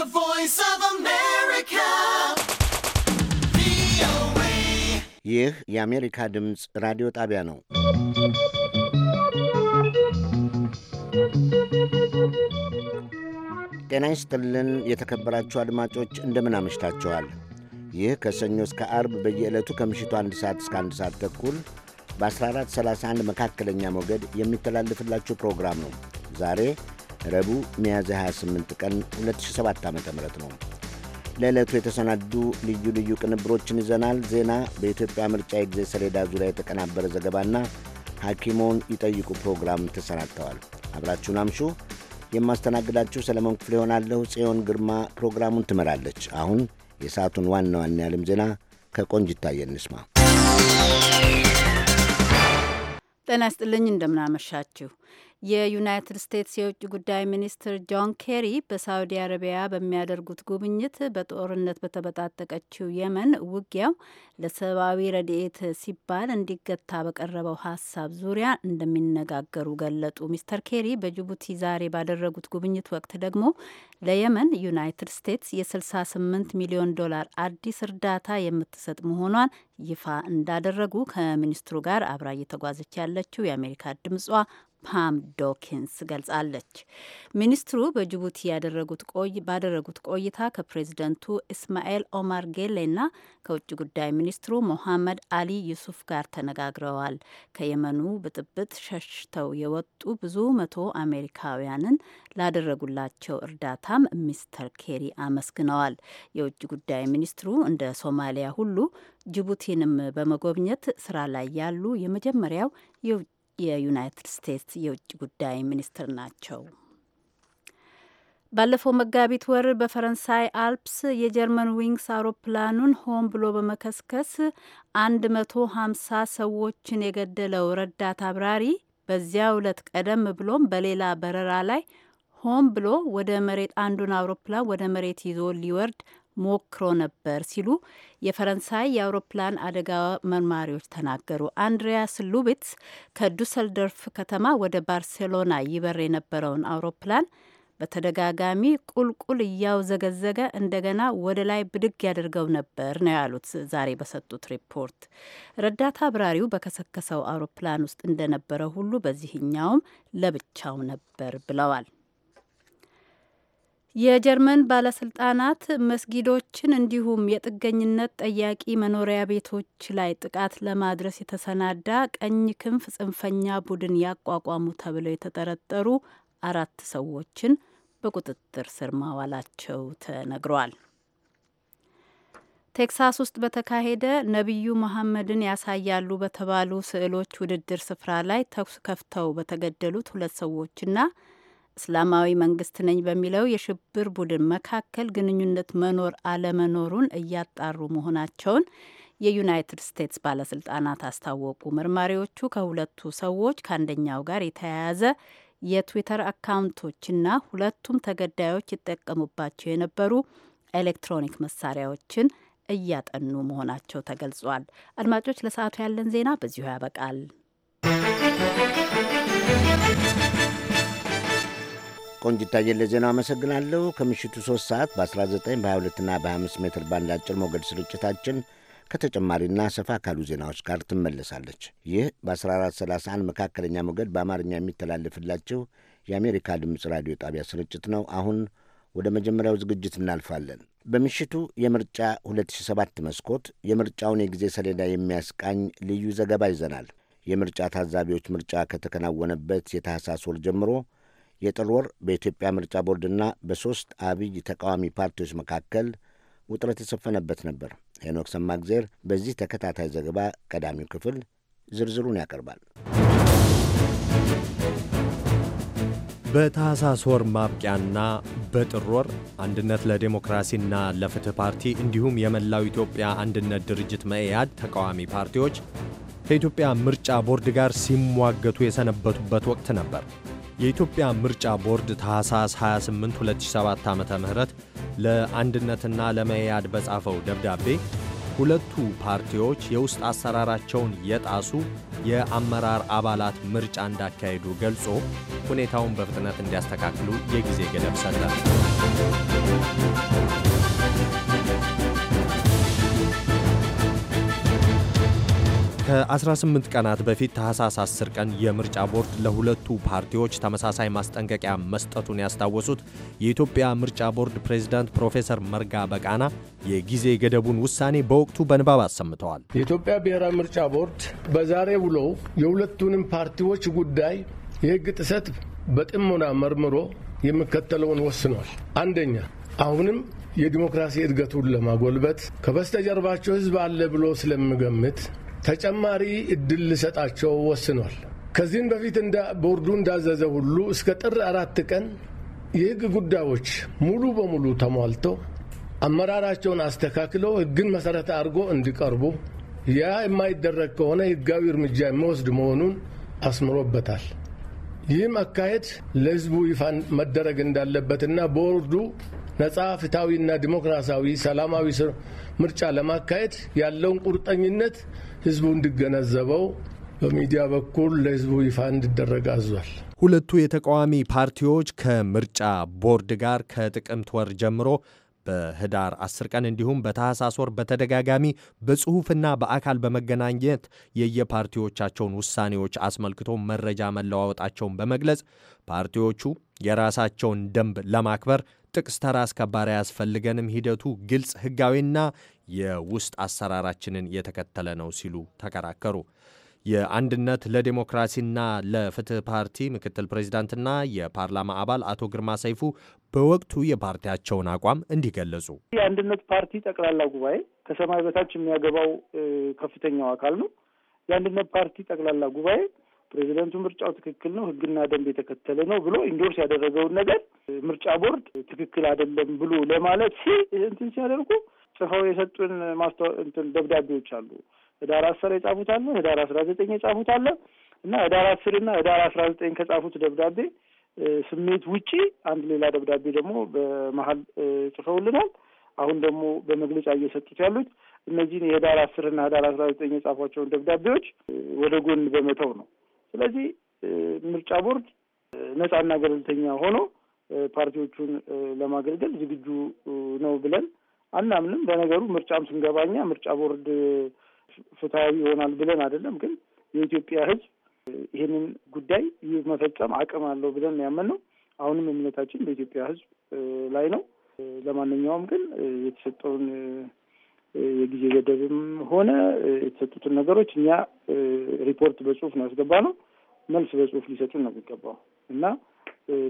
The voice of America. ይህ የአሜሪካ ድምፅ ራዲዮ ጣቢያ ነው። ጤና ይስጥልን የተከበራችሁ አድማጮች እንደምን አመሽታችኋል። ይህ ከሰኞ እስከ አርብ በየዕለቱ ከምሽቱ አንድ ሰዓት እስከ አንድ ሰዓት ተኩል በ1431 መካከለኛ ሞገድ የሚተላለፍላችሁ ፕሮግራም ነው። ዛሬ ረቡዕ ሚያዝያ 28 ቀን 2007 ዓ ም ነው። ለዕለቱ የተሰናዱ ልዩ ልዩ ቅንብሮችን ይዘናል። ዜና፣ በኢትዮጵያ ምርጫ የጊዜ ሰሌዳ ዙሪያ የተቀናበረ ዘገባና ሐኪሞን ይጠይቁ ፕሮግራም ተሰናድተዋል። አብራችሁን አምሹ። የማስተናግዳችሁ ሰለሞን ክፍሌ ይሆናለሁ። ጽዮን ግርማ ፕሮግራሙን ትመራለች። አሁን የሰዓቱን ዋና ዋና የዓለም ዜና ከቆንጅ ይታየ እንስማ። ጤና ይስጥልኝ እንደምናመሻችሁ የዩናይትድ ስቴትስ የውጭ ጉዳይ ሚኒስትር ጆን ኬሪ በሳውዲ አረቢያ በሚያደርጉት ጉብኝት በጦርነት በተበጣጠቀችው የመን ውጊያው ለሰብአዊ ረድኤት ሲባል እንዲገታ በቀረበው ሀሳብ ዙሪያ እንደሚነጋገሩ ገለጡ። ሚስተር ኬሪ በጅቡቲ ዛሬ ባደረጉት ጉብኝት ወቅት ደግሞ ለየመን ዩናይትድ ስቴትስ የ68 ሚሊዮን ዶላር አዲስ እርዳታ የምትሰጥ መሆኗን ይፋ እንዳደረጉ ከሚኒስትሩ ጋር አብራ እየተጓዘች ያለችው የአሜሪካ ድምጿ ፓም ዶኪንስ ገልጻለች። ሚኒስትሩ በጅቡቲ ባደረጉት ቆይታ ከፕሬዚደንቱ እስማኤል ኦማር ጌሌና ከውጭ ጉዳይ ሚኒስትሩ ሞሐመድ አሊ ዩሱፍ ጋር ተነጋግረዋል። ከየመኑ ብጥብጥ ሸሽተው የወጡ ብዙ መቶ አሜሪካውያንን ላደረጉላቸው እርዳታም ሚስተር ኬሪ አመስግነዋል። የውጭ ጉዳይ ሚኒስትሩ እንደ ሶማሊያ ሁሉ ጅቡቲንም በመጎብኘት ስራ ላይ ያሉ የመጀመሪያው የውጭ የዩናይትድ ስቴትስ የውጭ ጉዳይ ሚኒስትር ናቸው። ባለፈው መጋቢት ወር በፈረንሳይ አልፕስ የጀርመን ዊንግስ አውሮፕላኑን ሆን ብሎ በመከስከስ 150 ሰዎችን የገደለው ረዳት አብራሪ በዚያ ዕለት ቀደም ብሎም በሌላ በረራ ላይ ሆን ብሎ ወደ መሬት አንዱን አውሮፕላን ወደ መሬት ይዞ ሊወርድ ሞክሮ ነበር ሲሉ የፈረንሳይ የአውሮፕላን አደጋ መርማሪዎች ተናገሩ። አንድሪያስ ሉቢትስ ከዱሰልዶርፍ ከተማ ወደ ባርሴሎና ይበር የነበረውን አውሮፕላን በተደጋጋሚ ቁልቁል እያውዘገዘገ እንደገና ወደ ላይ ብድግ ያደርገው ነበር ነው ያሉት ዛሬ በሰጡት ሪፖርት። ረዳት አብራሪው በከሰከሰው አውሮፕላን ውስጥ እንደነበረ ሁሉ በዚህኛውም ለብቻው ነበር ብለዋል። የጀርመን ባለስልጣናት መስጊዶችን እንዲሁም የጥገኝነት ጠያቂ መኖሪያ ቤቶች ላይ ጥቃት ለማድረስ የተሰናዳ ቀኝ ክንፍ ጽንፈኛ ቡድን ያቋቋሙ ተብለው የተጠረጠሩ አራት ሰዎችን በቁጥጥር ስር ማዋላቸው ተነግሯል። ቴክሳስ ውስጥ በተካሄደ ነቢዩ መሐመድን ያሳያሉ በተባሉ ስዕሎች ውድድር ስፍራ ላይ ተኩስ ከፍተው በተገደሉት ሁለት ሰዎችና እስላማዊ መንግስት ነኝ በሚለው የሽብር ቡድን መካከል ግንኙነት መኖር አለመኖሩን እያጣሩ መሆናቸውን የዩናይትድ ስቴትስ ባለስልጣናት አስታወቁ። መርማሪዎቹ ከሁለቱ ሰዎች ከአንደኛው ጋር የተያያዘ የትዊተር አካውንቶችና ሁለቱም ተገዳዮች ይጠቀሙባቸው የነበሩ ኤሌክትሮኒክ መሳሪያዎችን እያጠኑ መሆናቸው ተገልጿል። አድማጮች፣ ለሰዓቱ ያለን ዜና በዚሁ ያበቃል። ቆንጅታዬን ለዜናው አመሰግናለሁ። ከምሽቱ 3 ሰዓት በ19 በ22ና በ25 ሜትር ባንድ አጭር ሞገድ ስርጭታችን ከተጨማሪና ሰፋ ካሉ ዜናዎች ጋር ትመለሳለች። ይህ በ1431 መካከለኛ ሞገድ በአማርኛ የሚተላለፍላችሁ የአሜሪካ ድምፅ ራዲዮ ጣቢያ ስርጭት ነው። አሁን ወደ መጀመሪያው ዝግጅት እናልፋለን። በምሽቱ የምርጫ 2007 መስኮት የምርጫውን የጊዜ ሰሌዳ የሚያስቃኝ ልዩ ዘገባ ይዘናል። የምርጫ ታዛቢዎች ምርጫ ከተከናወነበት የታህሳስ ወር ጀምሮ የጥር ወር በኢትዮጵያ ምርጫ ቦርድና በሦስት አብይ ተቃዋሚ ፓርቲዎች መካከል ውጥረት የሰፈነበት ነበር። ሄኖክ ሰማግዜር በዚህ ተከታታይ ዘገባ ቀዳሚው ክፍል ዝርዝሩን ያቀርባል። በታህሳስ ወር ማብቂያና በጥር ወር አንድነት ለዴሞክራሲና ለፍትህ ፓርቲ እንዲሁም የመላው ኢትዮጵያ አንድነት ድርጅት መኢአድ ተቃዋሚ ፓርቲዎች ከኢትዮጵያ ምርጫ ቦርድ ጋር ሲሟገቱ የሰነበቱበት ወቅት ነበር። የኢትዮጵያ ምርጫ ቦርድ ታህሳስ 28 2007 ዓ ም ለአንድነትና ለመያድ በጻፈው ደብዳቤ ሁለቱ ፓርቲዎች የውስጥ አሰራራቸውን የጣሱ የአመራር አባላት ምርጫ እንዳካሄዱ ገልጾ ሁኔታውን በፍጥነት እንዲያስተካክሉ የጊዜ ገደብ ሰጠ። ከ18 ቀናት በፊት ታህሳስ 10 ቀን የምርጫ ቦርድ ለሁለቱ ፓርቲዎች ተመሳሳይ ማስጠንቀቂያ መስጠቱን ያስታወሱት የኢትዮጵያ ምርጫ ቦርድ ፕሬዝዳንት ፕሮፌሰር መርጋ በቃና የጊዜ ገደቡን ውሳኔ በወቅቱ በንባብ አሰምተዋል። የኢትዮጵያ ብሔራዊ ምርጫ ቦርድ በዛሬ ውሎ የሁለቱንም ፓርቲዎች ጉዳይ የህግ ጥሰት በጥሞና መርምሮ የሚከተለውን ወስኗል። አንደኛ አሁንም የዲሞክራሲ እድገቱን ለማጎልበት ከበስተጀርባቸው ህዝብ አለ ብሎ ስለምገምት ተጨማሪ እድል ልሰጣቸው ወስኗል። ከዚህም በፊት ቦርዱ እንዳዘዘ ሁሉ እስከ ጥር አራት ቀን የህግ ጉዳዮች ሙሉ በሙሉ ተሟልተው አመራራቸውን አስተካክለው ህግን መሰረት አድርጎ እንዲቀርቡ ያ የማይደረግ ከሆነ ህጋዊ እርምጃ የሚወስድ መሆኑን አስምሮበታል። ይህም አካሄድ ለህዝቡ ይፋ መደረግ እንዳለበትና ቦርዱ ነጻ ፍትሐዊና ዲሞክራሲያዊ ሰላማዊ ምርጫ ለማካሄድ ያለውን ቁርጠኝነት ህዝቡ እንዲገነዘበው በሚዲያ በኩል ለህዝቡ ይፋ እንዲደረግ አዟል። ሁለቱ የተቃዋሚ ፓርቲዎች ከምርጫ ቦርድ ጋር ከጥቅምት ወር ጀምሮ በህዳር 10 ቀን እንዲሁም በታህሳስ ወር በተደጋጋሚ በጽሁፍና በአካል በመገናኘት የየፓርቲዎቻቸውን ውሳኔዎች አስመልክቶ መረጃ መለዋወጣቸውን በመግለጽ ፓርቲዎቹ የራሳቸውን ደንብ ለማክበር ጥቅስ ተራ አስከባሪ አያስፈልገንም፣ ሂደቱ ግልጽ፣ ህጋዊና የውስጥ አሰራራችንን የተከተለ ነው ሲሉ ተከራከሩ። የአንድነት ለዴሞክራሲና ለፍትህ ፓርቲ ምክትል ፕሬዚዳንትና የፓርላማ አባል አቶ ግርማ ሰይፉ በወቅቱ የፓርቲያቸውን አቋም እንዲህ ገለጹ። የአንድነት ፓርቲ ጠቅላላ ጉባኤ ከሰማይ በታች የሚያገባው ከፍተኛው አካል ነው። የአንድነት ፓርቲ ጠቅላላ ጉባኤ ፕሬዚደንቱ ምርጫው ትክክል ነው፣ ህግና ደንብ የተከተለ ነው ብሎ ኢንዶርስ ያደረገውን ነገር ምርጫ ቦርድ ትክክል አይደለም ብሎ ለማለት ሲ እንትን ሲያደርጉ ጽፈው የሰጡን ማስታ እንትን ደብዳቤዎች አሉ። ህዳር አስር የጻፉት አለ፣ ህዳር አስራ ዘጠኝ የጻፉት አለ እና ህዳር አስር እና ህዳር አስራ ዘጠኝ ከጻፉት ደብዳቤ ስሜት ውጪ አንድ ሌላ ደብዳቤ ደግሞ በመሀል ጽፈውልናል። አሁን ደግሞ በመግለጫ እየሰጡት ያሉት እነዚህን የህዳር አስርና ህዳር አስራ ዘጠኝ የጻፏቸውን ደብዳቤዎች ወደ ጎን በመተው ነው። ስለዚህ ምርጫ ቦርድ ነጻና ገለልተኛ ሆኖ ፓርቲዎቹን ለማገልገል ዝግጁ ነው ብለን አናምንም። በነገሩ ምርጫም ስንገባኛ ምርጫ ቦርድ ፍትሐዊ ይሆናል ብለን አይደለም፣ ግን የኢትዮጵያ ሕዝብ ይህንን ጉዳይ መፈጸም አቅም አለው ብለን ያመን ነው። አሁንም እምነታችን በኢትዮጵያ ሕዝብ ላይ ነው። ለማንኛውም ግን የተሰጠውን የጊዜ ገደብም ሆነ የተሰጡትን ነገሮች እኛ ሪፖርት በጽሁፍ ነው ያስገባ ነው። መልስ በጽሁፍ ሊሰጡን ነው የሚገባው እና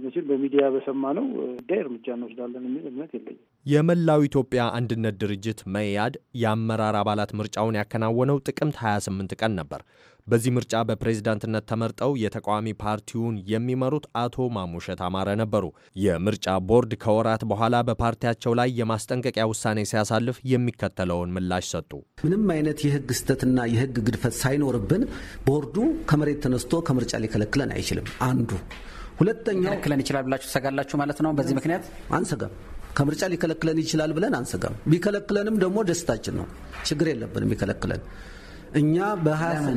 መቼም በሚዲያ በሰማነው ጉዳይ እርምጃ እንወስዳለን የሚል እምነት የለኝም። የመላው ኢትዮጵያ አንድነት ድርጅት መኢአድ የአመራር አባላት ምርጫውን ያከናወነው ጥቅምት 28 ቀን ነበር። በዚህ ምርጫ በፕሬዝዳንትነት ተመርጠው የተቃዋሚ ፓርቲውን የሚመሩት አቶ ማሙሸት አማረ ነበሩ። የምርጫ ቦርድ ከወራት በኋላ በፓርቲያቸው ላይ የማስጠንቀቂያ ውሳኔ ሲያሳልፍ የሚከተለውን ምላሽ ሰጡ። ምንም አይነት የህግ ስህተትና የህግ ግድፈት ሳይኖርብን ቦርዱ ከመሬት ተነስቶ ከምርጫ ሊከለክለን አይችልም። አንዱ ሁለተኛው ሊከለክለን ይችላል ብላችሁ ትሰጋላችሁ ማለት ነው። በዚህ ምክንያት አንሰጋም። ከምርጫ ሊከለክለን ይችላል ብለን አንሰጋም። ቢከለክለንም ደግሞ ደስታችን ነው። ችግር የለብንም ይከለክለን እኛ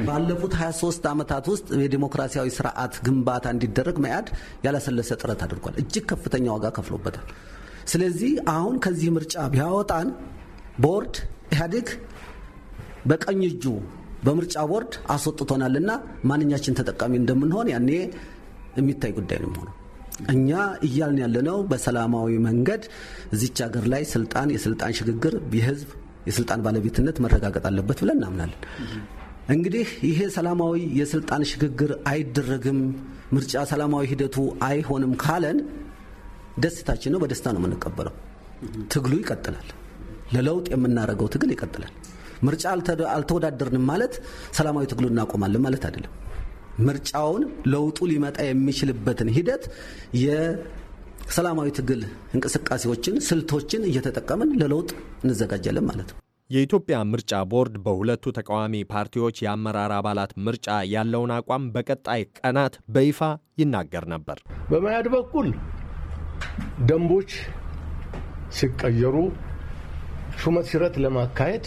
ባለፉት 23 ዓመታት ውስጥ የዲሞክራሲያዊ ስርዓት ግንባታ እንዲደረግ መያድ ያላሰለሰ ጥረት አድርጓል። እጅግ ከፍተኛ ዋጋ ከፍሎበታል። ስለዚህ አሁን ከዚህ ምርጫ ቢያወጣን ቦርድ ኢህአዴግ በቀኝ እጁ በምርጫ ቦርድ አስወጥቶናልና ማንኛችን ተጠቃሚ እንደምንሆን ያኔ የሚታይ ጉዳይ ነው እኛ እያልን ያለነው በሰላማዊ መንገድ እዚች ሀገር ላይ ስልጣን የስልጣን ሽግግር የህዝብ የስልጣን ባለቤትነት መረጋገጥ አለበት ብለን እናምናለን። እንግዲህ ይሄ ሰላማዊ የስልጣን ሽግግር አይደረግም፣ ምርጫ ሰላማዊ ሂደቱ አይሆንም ካለን ደስታችን ነው። በደስታ ነው የምንቀበለው። ትግሉ ይቀጥላል። ለለውጥ የምናደርገው ትግል ይቀጥላል። ምርጫ አልተወዳደርንም ማለት ሰላማዊ ትግሉ እናቆማለን ማለት አይደለም። ምርጫውን ለውጡ ሊመጣ የሚችልበትን ሂደት ሰላማዊ ትግል እንቅስቃሴዎችን፣ ስልቶችን እየተጠቀምን ለለውጥ እንዘጋጃለን ማለት ነው። የኢትዮጵያ ምርጫ ቦርድ በሁለቱ ተቃዋሚ ፓርቲዎች የአመራር አባላት ምርጫ ያለውን አቋም በቀጣይ ቀናት በይፋ ይናገር ነበር። በመያድ በኩል ደንቦች ሲቀየሩ ሹመት ሽረት ለማካሄድ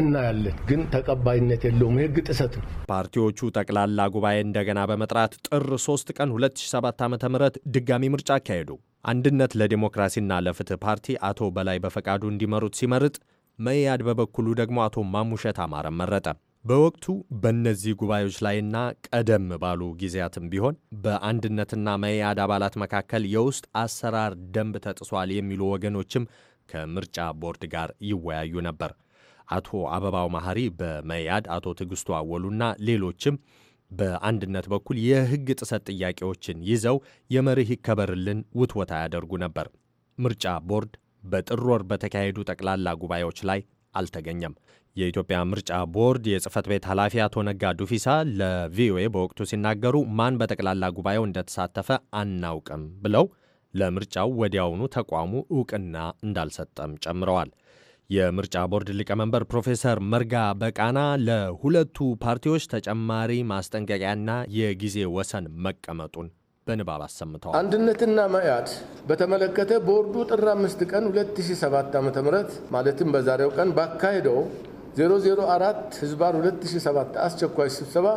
እናያለን፣ ግን ተቀባይነት የለውም። የህግ ጥሰት ነው። ፓርቲዎቹ ጠቅላላ ጉባኤ እንደገና በመጥራት ጥር 3 ቀን 2007 ዓ ም ድጋሚ ምርጫ አካሄዱ። አንድነት ለዲሞክራሲና ለፍትህ ፓርቲ አቶ በላይ በፈቃዱ እንዲመሩት ሲመርጥ መያድ በበኩሉ ደግሞ አቶ ማሙሸት አማረን መረጠ። በወቅቱ በእነዚህ ጉባኤዎች ላይና ቀደም ባሉ ጊዜያትም ቢሆን በአንድነትና መኢአድ አባላት መካከል የውስጥ አሰራር ደንብ ተጥሷል የሚሉ ወገኖችም ከምርጫ ቦርድ ጋር ይወያዩ ነበር። አቶ አበባው ማህሪ በመያድ አቶ ትዕግስቱ አወሉና ሌሎችም በአንድነት በኩል የህግ ጥሰት ጥያቄዎችን ይዘው የመርህ ይከበርልን ውትወታ ያደርጉ ነበር። ምርጫ ቦርድ በጥር ወር በተካሄዱ ጠቅላላ ጉባኤዎች ላይ አልተገኘም። የኢትዮጵያ ምርጫ ቦርድ የጽህፈት ቤት ኃላፊ አቶ ነጋ ዱፊሳ ለቪኦኤ በወቅቱ ሲናገሩ ማን በጠቅላላ ጉባኤው እንደተሳተፈ አናውቅም ብለው ለምርጫው ወዲያውኑ ተቋሙ እውቅና እንዳልሰጠም ጨምረዋል። የምርጫ ቦርድ ሊቀመንበር ፕሮፌሰር መርጋ በቃና ለሁለቱ ፓርቲዎች ተጨማሪ ማስጠንቀቂያና የጊዜ ወሰን መቀመጡን በንባብ አሰምተዋል። አንድነትና መያድ በተመለከተ ቦርዱ ጥር አምስት ቀን 2007 ዓ ም ማለትም በዛሬው ቀን ባካሄደው 004 ህዝባር 2007 አስቸኳይ ስብሰባ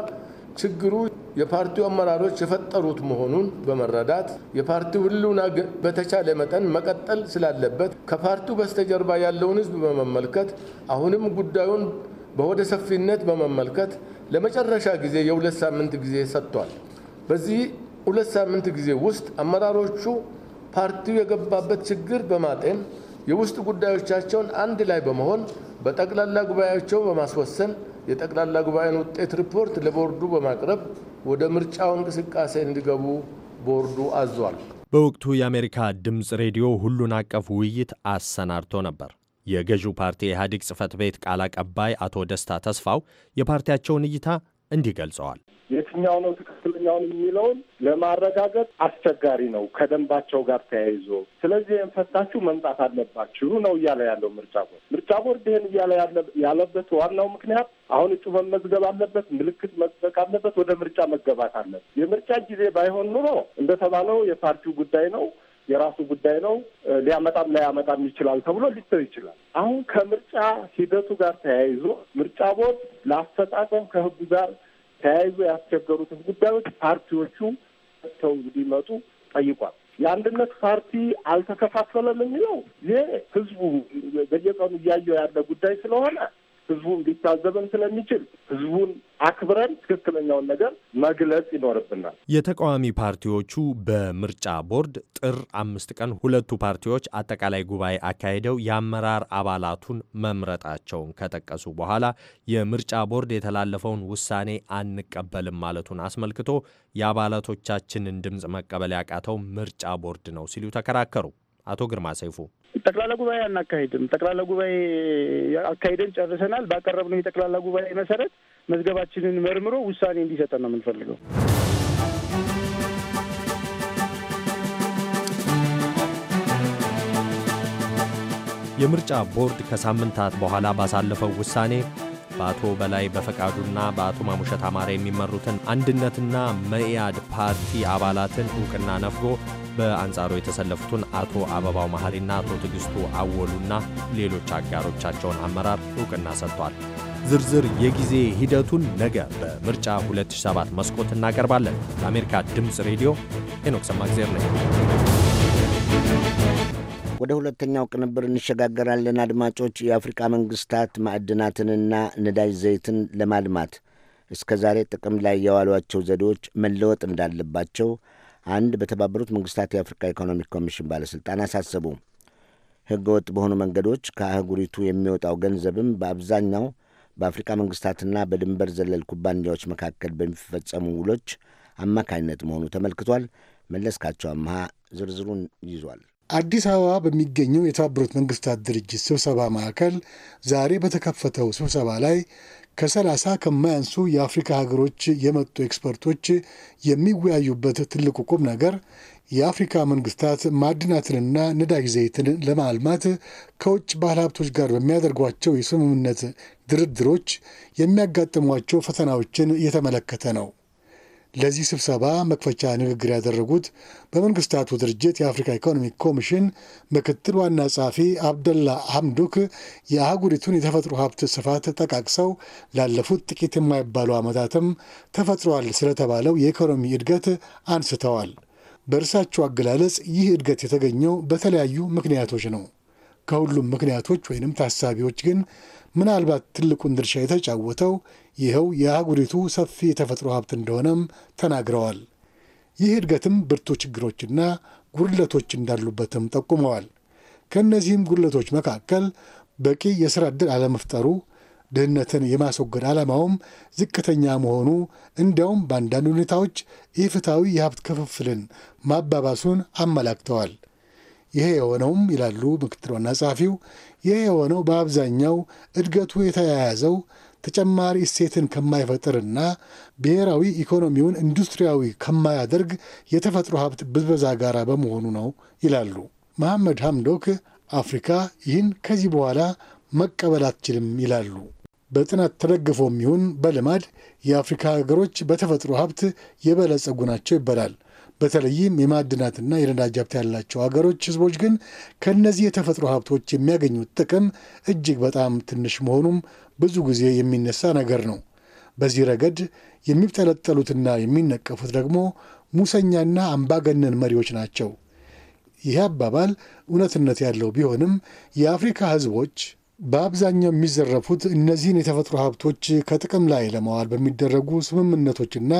ችግሩ የፓርቲው አመራሮች የፈጠሩት መሆኑን በመረዳት የፓርቲው ሕልውና በተቻለ መጠን መቀጠል ስላለበት ከፓርቲው በስተጀርባ ያለውን ህዝብ በመመልከት አሁንም ጉዳዩን በወደ ሰፊነት በመመልከት ለመጨረሻ ጊዜ የሁለት ሳምንት ጊዜ ሰጥቷል። በዚህ ሁለት ሳምንት ጊዜ ውስጥ አመራሮቹ ፓርቲው የገባበት ችግር በማጤን የውስጥ ጉዳዮቻቸውን አንድ ላይ በመሆን በጠቅላላ ጉባኤያቸው በማስወሰን የጠቅላላ ጉባኤን ውጤት ሪፖርት ለቦርዱ በማቅረብ ወደ ምርጫው እንቅስቃሴ እንዲገቡ ቦርዱ አዟል። በወቅቱ የአሜሪካ ድምፅ ሬዲዮ ሁሉን አቀፍ ውይይት አሰናድቶ ነበር። የገዢው ፓርቲ ኢህአዴግ ጽህፈት ቤት ቃል አቀባይ አቶ ደስታ ተስፋው የፓርቲያቸውን እይታ እንዲህ ገልጸዋል። የትኛው ነው ትክክለኛውን የሚለውን ለማረጋገጥ አስቸጋሪ ነው ከደንባቸው ጋር ተያይዞ። ስለዚህ ይህን ፈታችሁ መምጣት አለባችሁ ነው እያለ ያለው ምርጫ ቦርድ። ምርጫ ቦርድ ይህን እያለ ያለበት ዋናው ምክንያት አሁን እጩ መመዝገብ አለበት፣ ምልክት መጥበቅ አለበት፣ ወደ ምርጫ መገባት አለበት። የምርጫ ጊዜ ባይሆን ኑሮ እንደተባለው የፓርቲው ጉዳይ ነው የራሱ ጉዳይ ነው። ሊያመጣም ላያመጣም ይችላል ተብሎ ሊተው ይችላል። አሁን ከምርጫ ሂደቱ ጋር ተያይዞ ምርጫ ቦርድ ለአፈጻጸም ከህጉ ጋር ተያይዞ ያስቸገሩትን ጉዳዮች ፓርቲዎቹ ተው እንዲመጡ ጠይቋል። የአንድነት ፓርቲ አልተከፋፈለም የሚለው ይህ ህዝቡ በየቀኑ እያየው ያለ ጉዳይ ስለሆነ ህዝቡን ሊታዘብን ስለሚችል ህዝቡን አክብረን ትክክለኛውን ነገር መግለጽ ይኖርብናል። የተቃዋሚ ፓርቲዎቹ በምርጫ ቦርድ ጥር አምስት ቀን ሁለቱ ፓርቲዎች አጠቃላይ ጉባኤ አካሄደው የአመራር አባላቱን መምረጣቸውን ከጠቀሱ በኋላ የምርጫ ቦርድ የተላለፈውን ውሳኔ አንቀበልም ማለቱን አስመልክቶ የአባላቶቻችንን ድምፅ መቀበል ያቃተው ምርጫ ቦርድ ነው ሲሉ ተከራከሩ። አቶ ግርማ ሰይፉ ጠቅላላ ጉባኤ አናካሂድም። ጠቅላላ ጉባኤ አካሄደን ጨርሰናል። ባቀረብነው የጠቅላላ ጉባኤ መሰረት መዝገባችንን መርምሮ ውሳኔ እንዲሰጠን ነው የምንፈልገው። የምርጫ ቦርድ ከሳምንታት በኋላ ባሳለፈው ውሳኔ በአቶ በላይ በፈቃዱና በአቶ ማሙሸት አማራ የሚመሩትን አንድነትና መኢአድ ፓርቲ አባላትን እውቅና ነፍጎ በአንጻሩ የተሰለፉትን አቶ አበባው መሐሪና አቶ ትዕግስቱ አወሉና ሌሎች አጋሮቻቸውን አመራር እውቅና ሰጥቷል። ዝርዝር የጊዜ ሂደቱን ነገ በምርጫ 2007 መስኮት እናቀርባለን። ለአሜሪካ ድምፅ ሬዲዮ ሄኖክ ሰማግዜር ነኝ። ወደ ሁለተኛው ቅንብር እንሸጋገራለን። አድማጮች፣ የአፍሪካ መንግስታት ማዕድናትንና ነዳጅ ዘይትን ለማልማት እስከ ዛሬ ጥቅም ላይ የዋሏቸው ዘዴዎች መለወጥ እንዳለባቸው አንድ በተባበሩት መንግስታት የአፍሪካ ኢኮኖሚክ ኮሚሽን ባለሥልጣን አሳሰቡ። ወጥ በሆኑ መንገዶች ከአህጉሪቱ የሚወጣው ገንዘብም በአብዛኛው በአፍሪካ መንግስታትና በድንበር ዘለል ኩባንያዎች መካከል በሚፈጸሙ ውሎች አማካኝነት መሆኑ ተመልክቷል። መለስካቸው አምሃ ዝርዝሩን ይዟል። አዲስ አበባ በሚገኘው የተባበሩት መንግስታት ድርጅት ስብሰባ ማዕከል ዛሬ በተከፈተው ስብሰባ ላይ ከሰላሳ ከማያንሱ የአፍሪካ ሀገሮች የመጡ ኤክስፐርቶች የሚወያዩበት ትልቁ ቁም ነገር የአፍሪካ መንግስታት ማዕድናትንና ነዳጅ ዘይትን ለማልማት ከውጭ ሀብቶች ጋር በሚያደርጓቸው የስምምነት ድርድሮች የሚያጋጥሟቸው ፈተናዎችን እየተመለከተ ነው። ለዚህ ስብሰባ መክፈቻ ንግግር ያደረጉት በመንግስታቱ ድርጅት የአፍሪካ ኢኮኖሚክ ኮሚሽን ምክትል ዋና ጸሐፊ አብደላ ሐምዱክ የአህጉሪቱን የተፈጥሮ ሀብት ስፋት ጠቃቅሰው ላለፉት ጥቂት የማይባሉ ዓመታትም ተፈጥሯል ስለተባለው የኢኮኖሚ እድገት አንስተዋል። በእርሳቸው አገላለጽ ይህ እድገት የተገኘው በተለያዩ ምክንያቶች ነው። ከሁሉም ምክንያቶች ወይንም ታሳቢዎች ግን ምናልባት ትልቁን ድርሻ የተጫወተው ይኸው የአህጉሪቱ ሰፊ የተፈጥሮ ሀብት እንደሆነም ተናግረዋል። ይህ እድገትም ብርቱ ችግሮችና ጉድለቶች እንዳሉበትም ጠቁመዋል። ከእነዚህም ጉድለቶች መካከል በቂ የሥራ ዕድል አለመፍጠሩ፣ ድህነትን የማስወገድ ዓላማውም ዝቅተኛ መሆኑ እንዲያውም በአንዳንድ ሁኔታዎች ኢፍታዊ የሀብት ክፍፍልን ማባባሱን አመላክተዋል። ይሄ የሆነውም ይላሉ ምክትል ዋና ጸሐፊው፣ ይሄ የሆነው በአብዛኛው እድገቱ የተያያዘው ተጨማሪ እሴትን ከማይፈጥርና ብሔራዊ ኢኮኖሚውን ኢንዱስትሪያዊ ከማያደርግ የተፈጥሮ ሀብት ብዝበዛ ጋር በመሆኑ ነው ይላሉ መሐመድ ሐምዶክ። አፍሪካ ይህን ከዚህ በኋላ መቀበል አትችልም ይላሉ። በጥናት ተደግፎም ይሁን በልማድ የአፍሪካ ሀገሮች በተፈጥሮ ሀብት የበለጸጉ ናቸው ይባላል። በተለይም የማዕድናትና የነዳጅ ሀብት ያላቸው አገሮች ህዝቦች ግን ከእነዚህ የተፈጥሮ ሀብቶች የሚያገኙት ጥቅም እጅግ በጣም ትንሽ መሆኑም ብዙ ጊዜ የሚነሳ ነገር ነው። በዚህ ረገድ የሚጠለጠሉትና የሚነቀፉት ደግሞ ሙሰኛና አምባገነን መሪዎች ናቸው። ይህ አባባል እውነትነት ያለው ቢሆንም የአፍሪካ ህዝቦች በአብዛኛው የሚዘረፉት እነዚህን የተፈጥሮ ሀብቶች ከጥቅም ላይ ለማዋል በሚደረጉ ስምምነቶችና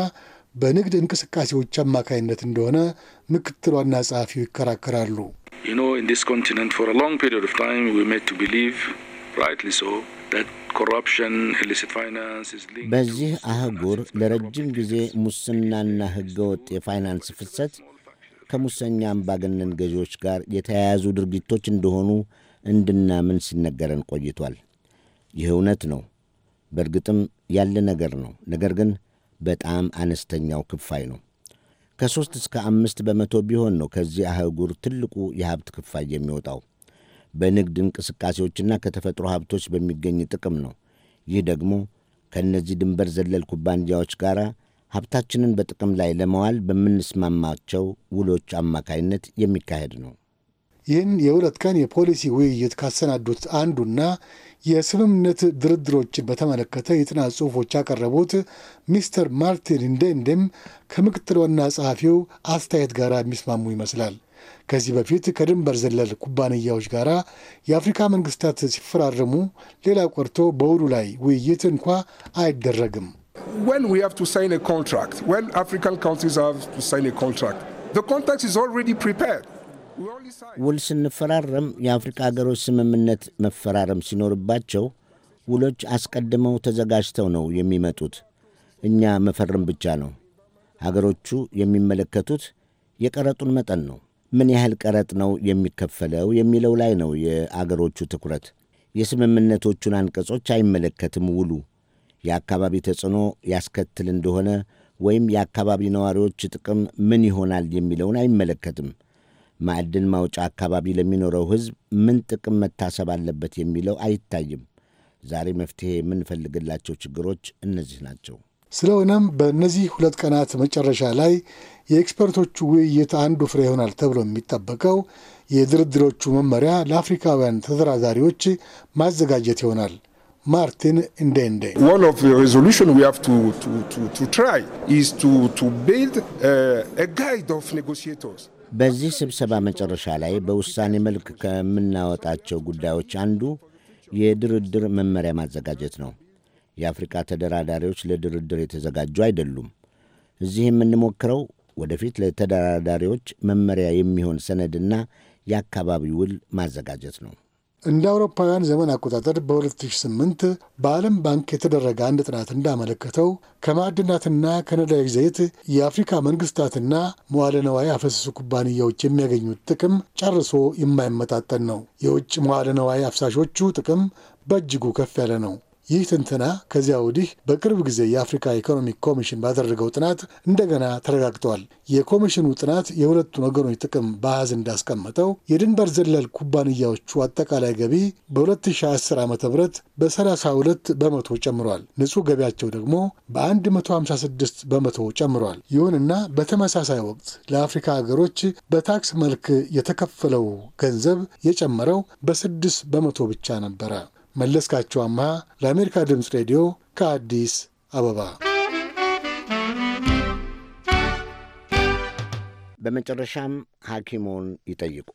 በንግድ እንቅስቃሴዎች አማካይነት እንደሆነ ምክትል ዋና ጸሐፊው ይከራከራሉ። በዚህ አህጉር ለረጅም ጊዜ ሙስናና ህገወጥ የፋይናንስ ፍሰት ከሙሰኛ አምባገነን ገዢዎች ጋር የተያያዙ ድርጊቶች እንደሆኑ እንድናምን ሲነገረን ቆይቷል። ይህ እውነት ነው፣ በእርግጥም ያለ ነገር ነው። ነገር ግን በጣም አነስተኛው ክፋይ ነው። ከሦስት እስከ አምስት በመቶ ቢሆን ነው ከዚህ አህጉር ትልቁ የሀብት ክፋይ የሚወጣው በንግድ እንቅስቃሴዎችና ከተፈጥሮ ሀብቶች በሚገኝ ጥቅም ነው። ይህ ደግሞ ከእነዚህ ድንበር ዘለል ኩባንያዎች ጋር ሀብታችንን በጥቅም ላይ ለመዋል በምንስማማቸው ውሎች አማካይነት የሚካሄድ ነው። ይህን የሁለት ቀን የፖሊሲ ውይይት ካሰናዱት አንዱና የስምምነት ድርድሮችን በተመለከተ የጥናት ጽሑፎች ያቀረቡት ሚስተር ማርቲን እንደንዴም ከምክትል ዋና ጸሐፊው አስተያየት ጋር የሚስማሙ ይመስላል። ከዚህ በፊት ከድንበር ዘለል ኩባንያዎች ጋር የአፍሪካ መንግስታት ሲፈራረሙ ሌላ ቆርቶ በውሉ ላይ ውይይት እንኳ አይደረግም። ኮንትራክት ውል ስንፈራረም የአፍሪካ ሀገሮች ስምምነት መፈራረም ሲኖርባቸው ውሎች አስቀድመው ተዘጋጅተው ነው የሚመጡት። እኛ መፈርም ብቻ ነው። ሀገሮቹ የሚመለከቱት የቀረጡን መጠን ነው። ምን ያህል ቀረጥ ነው የሚከፈለው የሚለው ላይ ነው የአገሮቹ ትኩረት። የስምምነቶቹን አንቀጾች አይመለከትም ውሉ የአካባቢ ተጽዕኖ ያስከትል እንደሆነ ወይም የአካባቢ ነዋሪዎች ጥቅም ምን ይሆናል የሚለውን አይመለከትም። ማዕድን ማውጫ አካባቢ ለሚኖረው ሕዝብ ምን ጥቅም መታሰብ አለበት የሚለው አይታይም። ዛሬ መፍትሄ የምንፈልግላቸው ችግሮች እነዚህ ናቸው። ስለሆነም በእነዚህ ሁለት ቀናት መጨረሻ ላይ የኤክስፐርቶቹ ውይይት አንዱ ፍሬ ይሆናል ተብሎ የሚጠበቀው የድርድሮቹ መመሪያ ለአፍሪካውያን ተደራዳሪዎች ማዘጋጀት ይሆናል። ማርቲን እንደንደ በዚህ ስብሰባ መጨረሻ ላይ በውሳኔ መልክ ከምናወጣቸው ጉዳዮች አንዱ የድርድር መመሪያ ማዘጋጀት ነው። የአፍሪካ ተደራዳሪዎች ለድርድር የተዘጋጁ አይደሉም። እዚህ የምንሞክረው ወደፊት ለተደራዳሪዎች መመሪያ የሚሆን ሰነድና የአካባቢ ውል ማዘጋጀት ነው። እንደ አውሮፓውያን ዘመን አቆጣጠር በ2008 በዓለም ባንክ የተደረገ አንድ ጥናት እንዳመለከተው ከማዕድናትና ከነዳጅ ዘይት የአፍሪካ መንግስታትና መዋለ ነዋይ አፈሰሱ ኩባንያዎች የሚያገኙት ጥቅም ጨርሶ የማይመጣጠን ነው። የውጭ መዋለ ነዋይ አፍሳሾቹ ጥቅም በእጅጉ ከፍ ያለ ነው። ይህ ትንተና ከዚያ ወዲህ በቅርብ ጊዜ የአፍሪካ ኢኮኖሚክ ኮሚሽን ባደረገው ጥናት እንደገና ተረጋግጧል። የኮሚሽኑ ጥናት የሁለቱን ወገኖች ጥቅም በአሃዝ እንዳስቀመጠው የድንበር ዘለል ኩባንያዎቹ አጠቃላይ ገቢ በ2010 ዓ ም በ32 በመቶ ጨምሯል። ንጹህ ገቢያቸው ደግሞ በ156 በመቶ ጨምሯል። ይሁንና በተመሳሳይ ወቅት ለአፍሪካ ሀገሮች በታክስ መልክ የተከፈለው ገንዘብ የጨመረው በ6 በመቶ ብቻ ነበረ። መለስካቸው አማ ለአሜሪካ ድምፅ ሬዲዮ ከአዲስ አበባ። በመጨረሻም ሐኪሙን ይጠይቁ።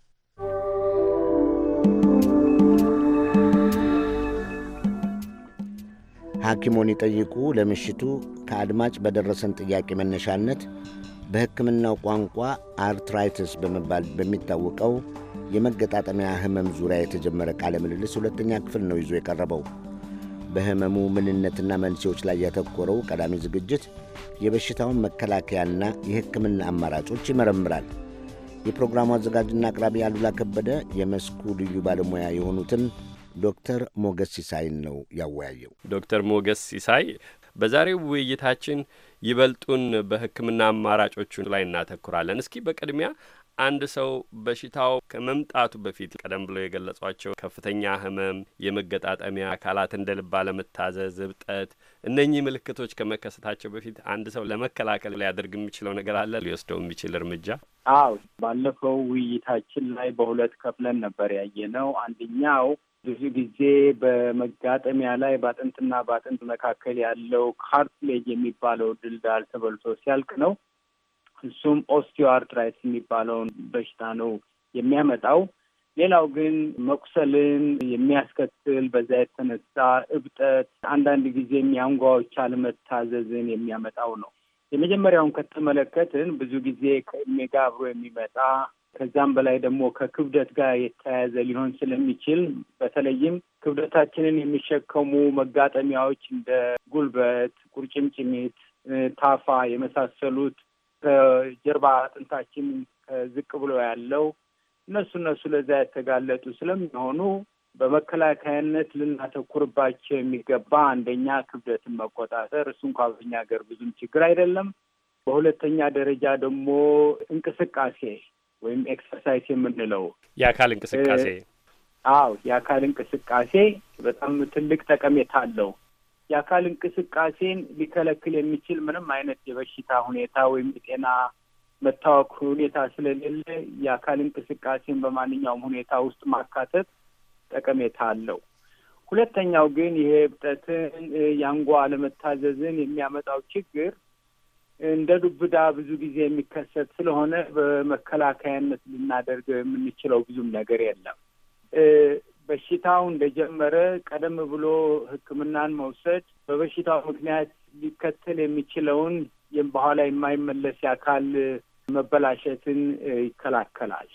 ሐኪሙን ይጠይቁ ለምሽቱ ከአድማጭ በደረሰን ጥያቄ መነሻነት በሕክምናው ቋንቋ አርትራይትስ በመባል በሚታወቀው የመገጣጠሚያ ህመም ዙሪያ የተጀመረ ቃለ ምልልስ ሁለተኛ ክፍል ነው ይዞ የቀረበው። በህመሙ ምንነትና መንስኤዎች ላይ ያተኮረው ቀዳሚ ዝግጅት የበሽታውን መከላከያና የሕክምና አማራጮች ይመረምራል። የፕሮግራሙ አዘጋጅና አቅራቢ አሉላ ከበደ የመስኩ ልዩ ባለሙያ የሆኑትን ዶክተር ሞገስ ሲሳይን ነው ያወያየው። ዶክተር ሞገስ ሲሳይ በዛሬው ውይይታችን ይበልጡን በህክምና አማራጮቹ ላይ እናተኩራለን። እስኪ በቅድሚያ አንድ ሰው በሽታው ከመምጣቱ በፊት ቀደም ብሎ የገለጿቸው ከፍተኛ ህመም፣ የመገጣጠሚያ አካላት እንደ ልብ አለመታዘዝ፣ እብጠት፣ እነኚህ ምልክቶች ከመከሰታቸው በፊት አንድ ሰው ለመከላከል ሊያደርግ የሚችለው ነገር አለ ሊወስደው የሚችል እርምጃ? አዎ፣ ባለፈው ውይይታችን ላይ በሁለት ከፍለን ነበር ያየ ነው። አንደኛው ብዙ ጊዜ በመጋጠሚያ ላይ በአጥንትና በአጥንት መካከል ያለው ካርትሌጅ የሚባለው ድልዳል ተበልቶ ሲያልቅ ነው። እሱም ኦስቲዮአርትራይት የሚባለውን በሽታ ነው የሚያመጣው። ሌላው ግን መቁሰልን የሚያስከትል በዛ የተነሳ እብጠት፣ አንዳንድ ጊዜ የአንጓዎች አለመታዘዝን የሚያመጣው ነው። የመጀመሪያውን ከተመለከትን ብዙ ጊዜ ከእድሜ ጋር አብሮ የሚመጣ ከዛም በላይ ደግሞ ከክብደት ጋር የተያያዘ ሊሆን ስለሚችል በተለይም ክብደታችንን የሚሸከሙ መጋጠሚያዎች እንደ ጉልበት፣ ቁርጭምጭሚት፣ ታፋ የመሳሰሉት ከጀርባ አጥንታችን ዝቅ ብሎ ያለው እነሱ እነሱ ለዛ የተጋለጡ ስለሚሆኑ በመከላከያነት ልናተኩርባቸው የሚገባ አንደኛ ክብደትን መቆጣጠር፣ እሱ እንኳ በኛ ሀገር ብዙም ችግር አይደለም። በሁለተኛ ደረጃ ደግሞ እንቅስቃሴ ወይም ኤክሰርሳይዝ የምንለው የአካል እንቅስቃሴ። አው የአካል እንቅስቃሴ በጣም ትልቅ ጠቀሜታ አለው። የአካል እንቅስቃሴን ሊከለክል የሚችል ምንም አይነት የበሽታ ሁኔታ ወይም የጤና መታወክ ሁኔታ ስለሌለ የአካል እንቅስቃሴን በማንኛውም ሁኔታ ውስጥ ማካተት ጠቀሜታ አለው። ሁለተኛው ግን ይሄ እብጠትን፣ የአንጓ አለመታዘዝን የሚያመጣው ችግር እንደ ዱብዳ ብዙ ጊዜ የሚከሰት ስለሆነ በመከላከያነት ልናደርገው የምንችለው ብዙም ነገር የለም። በሽታው እንደጀመረ ቀደም ብሎ ሕክምናን መውሰድ በበሽታው ምክንያት ሊከተል የሚችለውን በኋላ የማይመለስ የአካል መበላሸትን ይከላከላል።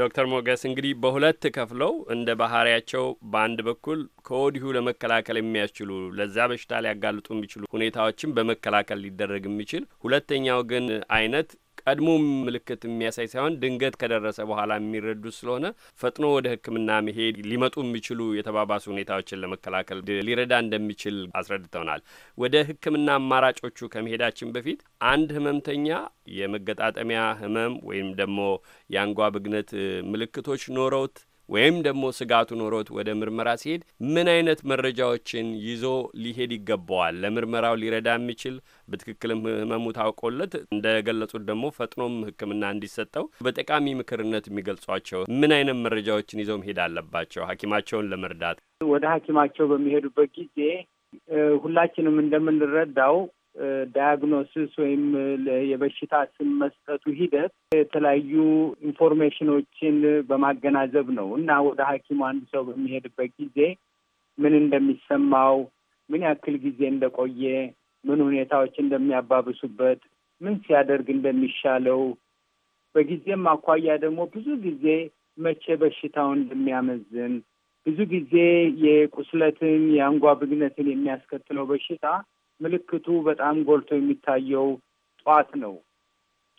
ዶክተር ሞገስ እንግዲህ በሁለት ከፍለው እንደ ባህሪያቸው በአንድ በኩል ከወዲሁ ለመከላከል የሚያስችሉ ለዛ በሽታ ሊያጋልጡ የሚችሉ ሁኔታዎችን በመከላከል ሊደረግ የሚችል ሁለተኛው ግን አይነት ቀድሞ ምልክት የሚያሳይ ሳይሆን ድንገት ከደረሰ በኋላ የሚረዱ ስለሆነ ፈጥኖ ወደ ሕክምና መሄድ ሊመጡ የሚችሉ የተባባሱ ሁኔታዎችን ለመከላከል ሊረዳ እንደሚችል አስረድተውናል። ወደ ሕክምና አማራጮቹ ከመሄዳችን በፊት አንድ ህመምተኛ የመገጣጠሚያ ህመም ወይም ደግሞ የአንጓ ብግነት ምልክቶች ኖረውት ወይም ደግሞ ስጋቱ ኖሮት ወደ ምርመራ ሲሄድ ምን አይነት መረጃዎችን ይዞ ሊሄድ ይገባዋል? ለምርመራው ሊረዳ የሚችል በትክክልም ህመሙ ታውቆለት እንደ ገለጹት ደግሞ ፈጥኖም ሕክምና እንዲሰጠው በጠቃሚ ምክርነት የሚገልጿቸው ምን አይነት መረጃዎችን ይዘው መሄድ አለባቸው? ሐኪማቸውን ለመርዳት ወደ ሐኪማቸው በሚሄዱበት ጊዜ ሁላችንም እንደምንረዳው ዳያግኖሲስ ወይም የበሽታ ስም መስጠቱ ሂደት የተለያዩ ኢንፎርሜሽኖችን በማገናዘብ ነው እና ወደ ሐኪሙ አንድ ሰው በሚሄድበት ጊዜ ምን እንደሚሰማው፣ ምን ያክል ጊዜ እንደቆየ፣ ምን ሁኔታዎች እንደሚያባብሱበት፣ ምን ሲያደርግ እንደሚሻለው በጊዜም አኳያ ደግሞ ብዙ ጊዜ መቼ በሽታው እንደሚያመዝን ብዙ ጊዜ የቁስለትን የአንጓ ብግነትን የሚያስከትለው በሽታ ምልክቱ በጣም ጎልቶ የሚታየው ጧት ነው።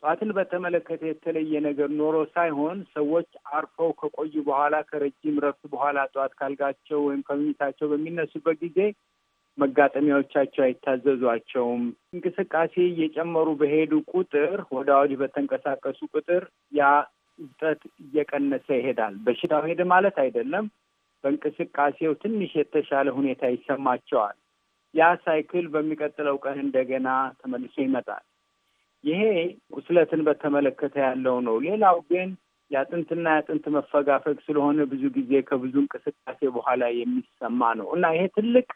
ጧትን በተመለከተ የተለየ ነገር ኖሮ ሳይሆን ሰዎች አርፈው ከቆዩ በኋላ ከረጅም ረፍት በኋላ ጧት ካልጋቸው ወይም ከመኝታቸው በሚነሱበት ጊዜ መጋጠሚያዎቻቸው አይታዘዟቸውም። እንቅስቃሴ እየጨመሩ በሄዱ ቁጥር ወደ አውዲህ በተንቀሳቀሱ ቁጥር ያ እብጠት እየቀነሰ ይሄዳል። በሽታው ሄደ ማለት አይደለም። በእንቅስቃሴው ትንሽ የተሻለ ሁኔታ ይሰማቸዋል። ያ ሳይክል በሚቀጥለው ቀን እንደገና ተመልሶ ይመጣል። ይሄ ቁስለትን በተመለከተ ያለው ነው። ሌላው ግን የአጥንትና የአጥንት መፈጋፈግ ስለሆነ ብዙ ጊዜ ከብዙ እንቅስቃሴ በኋላ የሚሰማ ነው እና ይሄ ትልቅ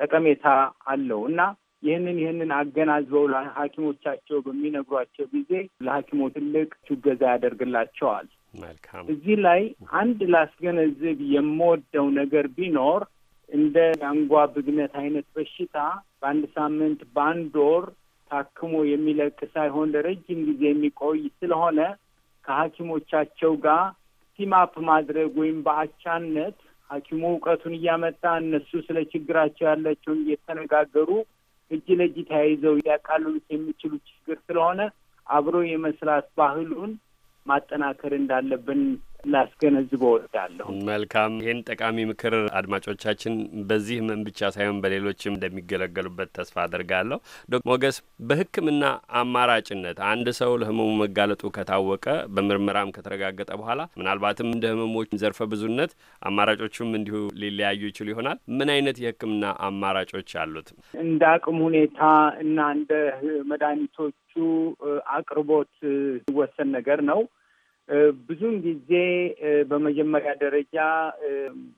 ጠቀሜታ አለው እና ይህንን ይህንን አገናዝበው ለሐኪሞቻቸው በሚነግሯቸው ጊዜ ለሐኪሞ ትልቅ እገዛ ያደርግላቸዋል። መልካም። እዚህ ላይ አንድ ላስገነዝብ የምወደው ነገር ቢኖር እንደ አንጓ ብግነት አይነት በሽታ በአንድ ሳምንት በአንድ ወር ታክሞ የሚለቅ ሳይሆን ለረጅም ጊዜ የሚቆይ ስለሆነ ከሐኪሞቻቸው ጋር ቲማፕ ማድረግ ወይም በአቻነት ሐኪሙ እውቀቱን እያመጣ እነሱ ስለ ችግራቸው ያላቸውን እየተነጋገሩ እጅ ለእጅ ተያይዘው ሊያቃልሉት የሚችሉ ችግር ስለሆነ አብሮ የመስራት ባህሉን ማጠናከር እንዳለብን ላስገነዝበው እወዳለሁ። መልካም። ይህን ጠቃሚ ምክር አድማጮቻችን በዚህ ምን ብቻ ሳይሆን በሌሎችም እንደሚገለገሉበት ተስፋ አድርጋለሁ። ዶክ ሞገስ በህክምና አማራጭነት አንድ ሰው ለህመሙ መጋለጡ ከታወቀ በምርመራም ከተረጋገጠ በኋላ ምናልባትም እንደ ህመሞች ዘርፈ ብዙነት አማራጮቹም እንዲሁ ሊለያዩ ይችሉ ይሆናል። ምን አይነት የህክምና አማራጮች አሉት? እንደ አቅም ሁኔታ እና እንደ መድኃኒቶቹ አቅርቦት ይወሰን ነገር ነው። ብዙን ጊዜ በመጀመሪያ ደረጃ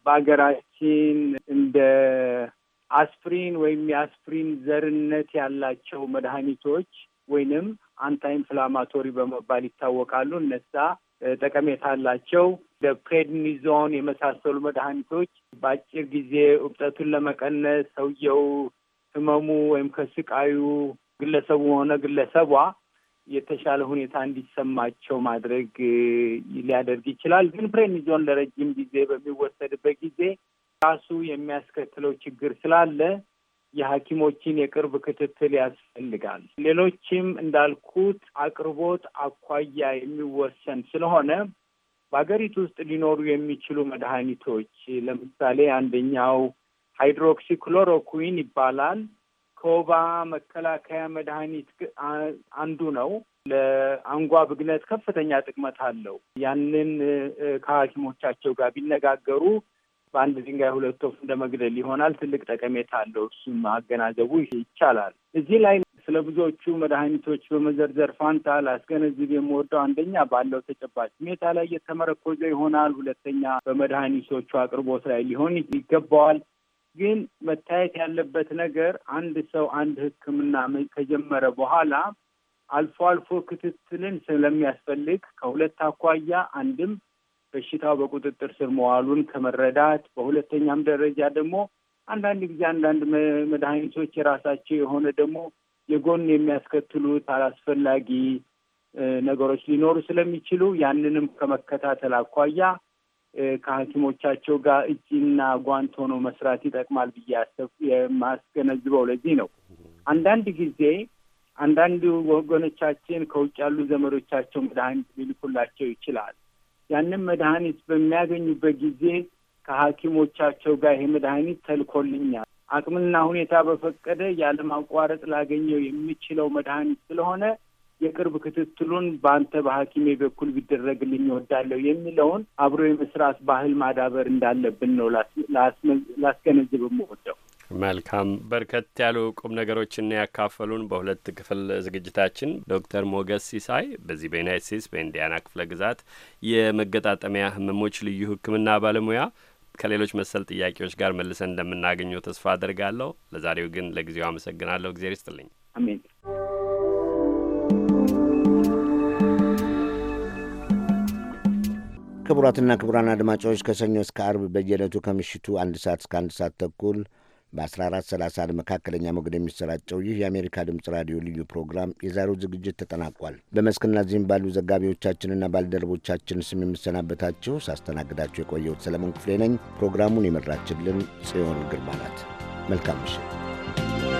በሀገራችን እንደ አስፕሪን ወይም የአስፕሪን ዘርነት ያላቸው መድኃኒቶች ወይንም አንታይ ኢንፍላማቶሪ በመባል ይታወቃሉ። እነዛ ጠቀሜታ አላቸው። ፕሬድኒዞን የመሳሰሉ መድኃኒቶች በአጭር ጊዜ እብጠቱን ለመቀነስ ሰውየው ህመሙ ወይም ከስቃዩ ግለሰቡ ሆነ ግለሰቧ የተሻለ ሁኔታ እንዲሰማቸው ማድረግ ሊያደርግ ይችላል። ግን ፕሬኒዞን ለረጅም ጊዜ በሚወሰድበት ጊዜ ራሱ የሚያስከትለው ችግር ስላለ የሐኪሞችን የቅርብ ክትትል ያስፈልጋል። ሌሎችም እንዳልኩት አቅርቦት አኳያ የሚወሰን ስለሆነ በሀገሪቱ ውስጥ ሊኖሩ የሚችሉ መድኃኒቶች ለምሳሌ አንደኛው ሃይድሮክሲክሎሮኩዊን ይባላል። ከወባ መከላከያ መድኃኒት አንዱ ነው። ለአንጓ ብግነት ከፍተኛ ጥቅመት አለው። ያንን ከሐኪሞቻቸው ጋር ቢነጋገሩ በአንድ ድንጋይ ሁለት ወፍ እንደ መግደል ይሆናል። ትልቅ ጠቀሜታ አለው። እሱም ማገናዘቡ ይቻላል። እዚህ ላይ ስለ ብዙዎቹ መድኃኒቶች በመዘርዘር ፋንታ ላስገነዝብ የምወደው አንደኛ ባለው ተጨባጭ ሁኔታ ላይ የተመረኮዘ ይሆናል። ሁለተኛ በመድኃኒቶቹ አቅርቦት ላይ ሊሆን ይገባዋል። ግን መታየት ያለበት ነገር አንድ ሰው አንድ ሕክምና ከጀመረ በኋላ አልፎ አልፎ ክትትልን ስለሚያስፈልግ ከሁለት አኳያ አንድም በሽታው በቁጥጥር ስር መዋሉን ከመረዳት በሁለተኛም ደረጃ ደግሞ አንዳንድ ጊዜ አንዳንድ መድኃኒቶች የራሳቸው የሆነ ደግሞ የጎን የሚያስከትሉት አላስፈላጊ ነገሮች ሊኖሩ ስለሚችሉ ያንንም ከመከታተል አኳያ ከሐኪሞቻቸው ጋር እጅና ጓንት ሆኖ መስራት ይጠቅማል ብዬ አሰብ የማስገነዝበው ለዚህ ነው። አንዳንድ ጊዜ አንዳንድ ወገኖቻችን ከውጭ ያሉ ዘመዶቻቸው መድኃኒት ሊልኩላቸው ይችላል። ያንን መድኃኒት በሚያገኙበት ጊዜ ከሐኪሞቻቸው ጋር ይሄ መድኃኒት ተልኮልኛል፣ አቅምና ሁኔታ በፈቀደ ያለማቋረጥ ላገኘው የሚችለው መድኃኒት ስለሆነ የቅርብ ክትትሉን በአንተ በሐኪሜ በኩል ቢደረግልኝ እወዳለሁ የሚለውን አብሮ የመስራት ባህል ማዳበር እንዳለብን ነው ላስገነዝብ ወደው። መልካም በርከት ያሉ ቁም ነገሮችን ያካፈሉን በሁለት ክፍል ዝግጅታችን ዶክተር ሞገስ ሲሳይ በዚህ በዩናይት ስቴትስ በኢንዲያና ክፍለ ግዛት የመገጣጠሚያ ህመሞች ልዩ ሕክምና ባለሙያ ከሌሎች መሰል ጥያቄዎች ጋር መልሰን እንደምናገኘው ተስፋ አድርጋለሁ። ለዛሬው ግን ለጊዜው አመሰግናለሁ። እግዜር ይስጥልኝ። አሜን። ክቡራትና ክቡራን አድማጮች ከሰኞ እስከ አርብ በየዕለቱ ከምሽቱ አንድ ሰዓት እስከ አንድ ሰዓት ተኩል በ1430 መካከለኛ ሞገድ የሚሰራጨው ይህ የአሜሪካ ድምፅ ራዲዮ ልዩ ፕሮግራም የዛሬው ዝግጅት ተጠናቋል። በመስክና ዚህም ባሉ ዘጋቢዎቻችንና ባልደረቦቻችን ስም የምሰናበታችሁ ሳስተናግዳችሁ የቆየሁት ሰለሞን ክፍሌ ነኝ። ፕሮግራሙን የመራችልን ጽዮን ግርማ ናት። መልካም ምሽት።